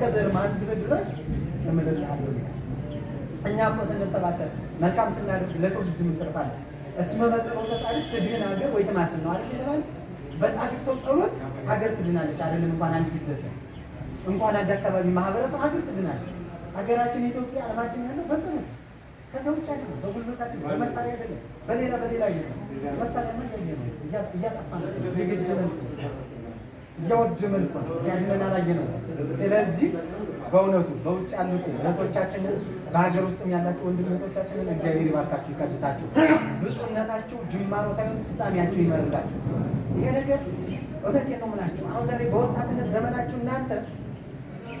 እስከ ዘር ማንዝር ድረስ እምልልሃለሁ እኛ እኮ ስንሰባሰብ መልካም ስናደርግ ለትውልድ እንተርፋለን። እስመ በጸሎተ ጻድቅ ትድህን ሀገር ወይ ትማስን ነው አይደል ይላል። በጻድቅ ሰው ጸሎት ሀገር ትድናለች። አይደለም እንኳን አንድ ግለሰብ እንኳን አንድ አካባቢ ማህበረሰብ ሀገር ትድናለች። ሀገራችን ኢትዮጵያ ዓለማችን ያለው በጸሎት ከዛ ውጭ አይደለም፣ በጉልበት አይደለም፣ በመሳሪያ አይደለም፣ በሌላ በሌላ አይደለም። መሳሪያ ምን ነው እያጠፋ ነው እያወደምን ያድነን አላየነው። ስለዚህ በእውነቱ በውጭ ያሉት እህቶቻችንን በሀገር ውስጥም ያላችሁ ወንድም እህቶቻችንን እግዚአብሔር ይባርካችሁ፣ ይቀድሳችሁ። ብፁዕነታችሁ ጅማሮ ሳይሆን ፍጻሜያችሁ ይመርላችሁ። ይሄ ነገር እውነቴን ነው የምላችሁ። አሁን ዛሬ በወጣትነት ዘመናችሁ እናንተ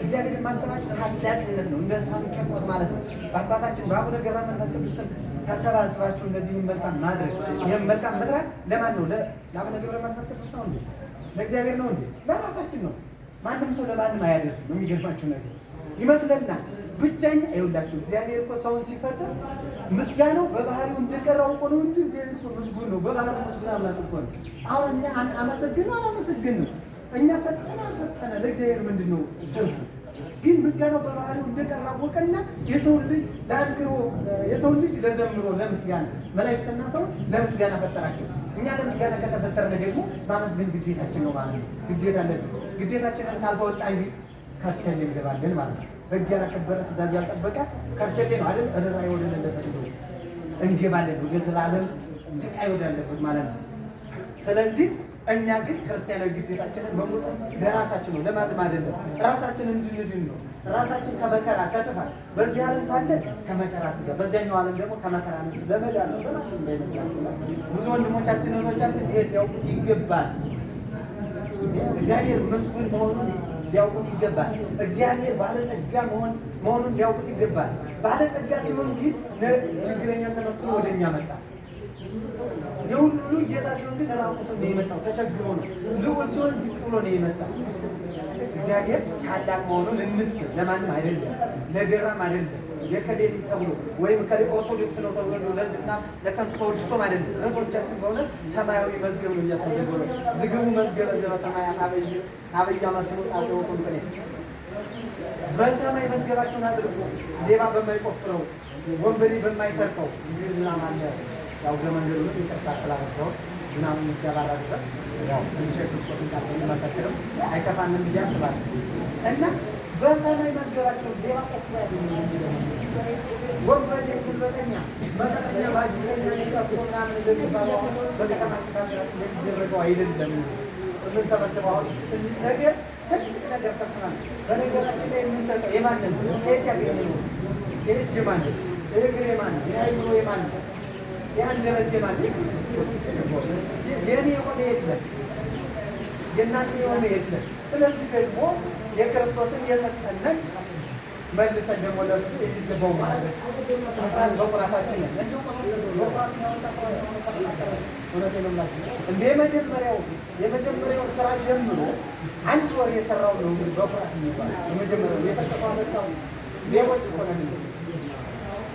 እግዚአብሔርን ማሰባችሁ ታላቅነት ነው። እንደ ሳም ቂርቆስ ማለት ነው። በአባታችን በአቡነ ገብረ መንፈስ ቅዱስ ተሰባስባችሁ እንደዚህ መልካም ማድረግ ይህም መልካም መድረክ ለማን ነው? ለአቡነ ገብረ መንፈስ ቅዱስ ነው። ለእግዚአብሔር ነው እንዴ? ለራሳችን ነው። ማንም ሰው ለማንም አያደርግም። የሚገርማችሁ ነገር ይመስለናል። ብቻኛ አይውላችሁ። እግዚአብሔር እኮ ሰውን ሲፈጥር ምስጋናው በባህሪው እንደቀረው እኮ ነው እንጂ እግዚአብሔር እኮ ምስጉን ነው። በባህሪው ምስጉን አምላክ እኮ ነው። አሁን እኛ አመሰግን አላመሰግን ነው እኛ ሰጠና ሰጠና ለእግዚአብሔር ምንድን ነው ትርፉ? ግን ምስጋናው በባህሪው እንደቀረ አወቀና የሰውን ልጅ ለአንክሮ የሰውን ልጅ ለዘምሮ ለምስጋና መላእክትና ሰው ለምስጋና ፈጠራቸው። እኛ ለምስጋና ከተፈጠርን ደግሞ ማመስገን ግዴታችን ነው ማለት ነው። ግዴታ አለብን። ግዴታችንን ካልተወጣ እንጂ ከርቸሌ እንገባለን ማለት ነው። በግ ያላከበረ ትእዛዝ ያልጠበቀ ከርቸሌ ነው አይደል? ርራ ወደለበት እንገባለን ወደ ዘላለም ስቃይ ወዳለበት ማለት ነው። ስለዚህ እኛ ግን ክርስቲያናዊ ግዴታችንን መሙጠ ለራሳችን ነው፣ ለማንም አይደለም። ራሳችን እንድንድን ነው። ራሳችን ከመከራ ከጥፋት በዚህ ዓለም ሳለ ከመከራ ስጋ በዚያኛው ዓለም ደግሞ ከመከራ ነፍስ ለመዳን ነው። በማለት እንዳይመስላችኋል። ብዙ ወንድሞቻችን እህቶቻችን ይሄ ሊያውቁት ይገባል። እግዚአብሔር ምስጉን መሆኑን ሊያውቁት ይገባል። እግዚአብሔር ባለጸጋ መሆኑን ሊያውቁት ይገባል። ባለጸጋ ሲሆን ግን ችግረኛ ተመስሎ ወደ እኛ መጣ። የሁሉ ጌታ ሲሆን ግን ራቁቱ ነው የመጣው፣ ተቸግሮ ነው። ልዑል ሲሆን ዝቅ ብሎ ነው የመጣው። እግዚአብሔር ታላቅ መሆኑን እንስ ለማንም አይደለም፣ ለደራም አይደለም፣ የከሌል ተብሎ ወይም ከሌ ኦርቶዶክስ ነው ተብሎ ነው ለዝና ለከንቱ ተወድሶም አይደለም። እህቶቻችን በሆነ ሰማያዊ መዝገብ ነው እያስመዘገበ ነው። ዝግቡ መዝገበ ዘበሰማያት አበይ አበያ መስሎ ጻጽወቁ ምክንያ በሰማይ መዝገባቸውን አድርጎ ሌባ በማይቆፍረው ወንበዴ በማይሰርቀው ዝናም አለ ያው በመንገዱ ላይ ይቅርታ ስላበዛው ምናምን እስከባራ ድረስ ትንሽ ክርስቶስ ጋር መሰክርም አይከፋንም ብዬ አስባለሁ እና በሰማይ መዝገባቸው ሌባ ቆፍሮ ያገኘ ወንበዴ፣ ጉልበተኛ፣ መጠጠኛ፣ ባጅረኛ ሊቀጡ እንደሚባለው በከተማ የሚደረገው አይደለም። የምንሰበስበው አሁን ትንሽ ነገር ትልቅ ነገር ሰብስበን በነገራችን ላይ የምንሰጠው የማንን ከየት ያገኘ የእጅ ማን? የእግር ማን? የአይምሮ ማን? ያን ደረጀ ማለት ኢየሱስ የሆነ የለም፣ የእናንተ የሆነ የለም። ስለዚህ ደግሞ የክርስቶስን የሰጠነን መልሰን ደግሞ ለእርሱ የሚገባው ማለት አስራት በኩራታችን ነው እንደ የመጀመሪያው የመጀመሪያው ስራ ጀምሮ አንድ ወር የሰራው ነው በኩራት የሚባለው የመጀመሪያው የሰጠሰው አመጣው ሌቦች ሆነ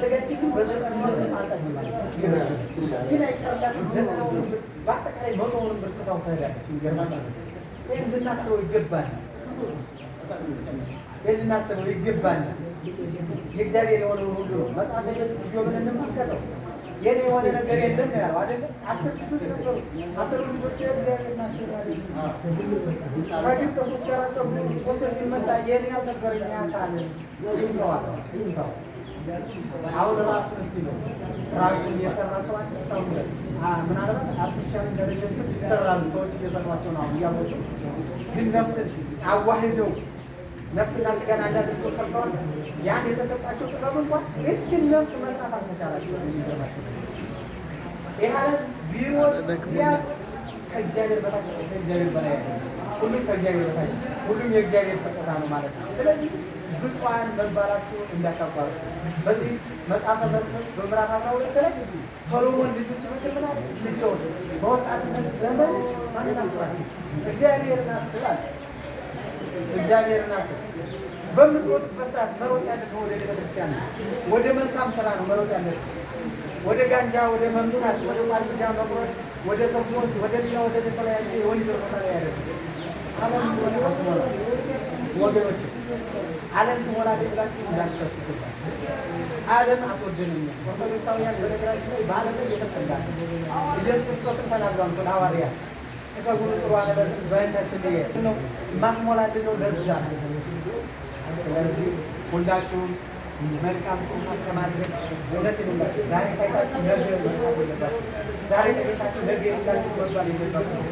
ስጋችን ግን በዘጠና ግን አይቀርላትም። ዘጠናውን ብር በአጠቃላይ መቶውን ብር ትታው ትሄዳለች። የሚገርማቸው ይህን ልናስበው ይገባል። ይህን ልናስበው ይገባል። የእግዚአብሔር የሆነውን ሁሉ ነው መጽሐፍ ምን እንመልከተው። የኔ የሆነ ነገር የለም ያለው አይደለ? አስር ልጆች ነበሩ። አስር ልጆች እግዚአብሔር ናቸው። ከግብፅ ከሶስት ጋር ፀጉሩ ቁስል ሲመጣ የኔ ያልነበረኝ ያካል ይንተዋል ይንተዋል አሁን ራሱ እስቲ ነው ራሱን የሰራ ሰው አስታው ምናልባት አርቲፊሻል ኢንተለጀንሶች ይሰራሉ። ሰዎች እየሰሯቸው ነው እያወጡ ግን ነፍስን አዋህደው ነፍስና ስጋን አንድ ሰርተዋል። ያን የተሰጣቸው ጥበብ እንኳን እችን ነፍስ መጥራት አልተቻላቸው። ይህ ዓለም ቢሮጥ ቢያል ከእግዚአብሔር በታች ከእግዚአብሔር በላይ ሁሉም ከእግዚአብሔር በታች ሁሉም የእግዚአብሔር ስጦታ ነው ማለት ነው። ስለዚህ ብፁዓን መባላችሁ እንዳታቋርጡ። በዚህ መጽሐፈ መክብብ በምዕራፍ አስራ ሁለት ላይ ሶሎሞን ልጁን ሲመክር ምን አለ? በወጣትነት ዘመን ማንን አስባል? እግዚአብሔርን አስብ አለ። እግዚአብሔርን አስብ። በምትሮጥበት ሰዓት መሮጥ ያለብህ ወደ ቤተክርስቲያን ነው፣ ወደ መልካም ስራ ነው መሮጥ ያለብህ። ወደ ጋንጃ፣ ወደ መምታት፣ ወደ ቋልጃ መቁረጥ፣ ወደ ሰዎች፣ ወደ ሌላ፣ ወደ ተለያየ ወንጀል ቦታ ላይ ያለብህ አለም ወደ ወገኖች ዓለም ትሆናለች ብላችሁ እንዳትሰስቱ። ዓለም አትወድንም። ኦርቶዶክሳውያን በነገራችን ላይ በዓለም ላይ የተጠላ ኢየሱስ ክርስቶስን ተናግሯል። ሐዋርያ ተከጉሩ ጥሩ አለበትን በእነ ነው የማትሞላልን ነው ለዛ። ስለዚህ ሁላችሁም መልካም ጥሩማት ከማድረግ እውነት ይሉላችሁ ዛሬ ታይታችሁ ነገ መጥፋት የለባችሁ። ዛሬ ተገኝታችሁ ነገ የላችሁ መባል የለባችሁ።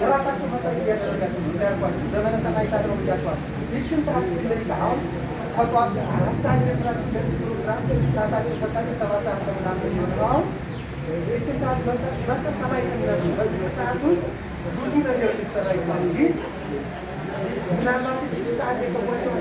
ለራሳቸው መሳይ እያደረጋቸው እንዳያልኳቸው ዘመነ ሰማይ ታድረው ብያቸዋል። ይችን ሰዓት ግን ለይታ አሁን ከጠዋት አራት ሰዓት ጀምራ ለዚህ ፕሮግራም ሳታገኝ ሰጣቸው ሰባት ሰዓት ከምናምን ሲሆን ነው አሁን ይችን ሰዓት መሰ ሰማይ ትነዱ በዚህ ሰዓት ውስጥ ብዙ ነገር ሊሰራ ይችላል። ግን ምናልባት ይችን ሰዓት የሰዎች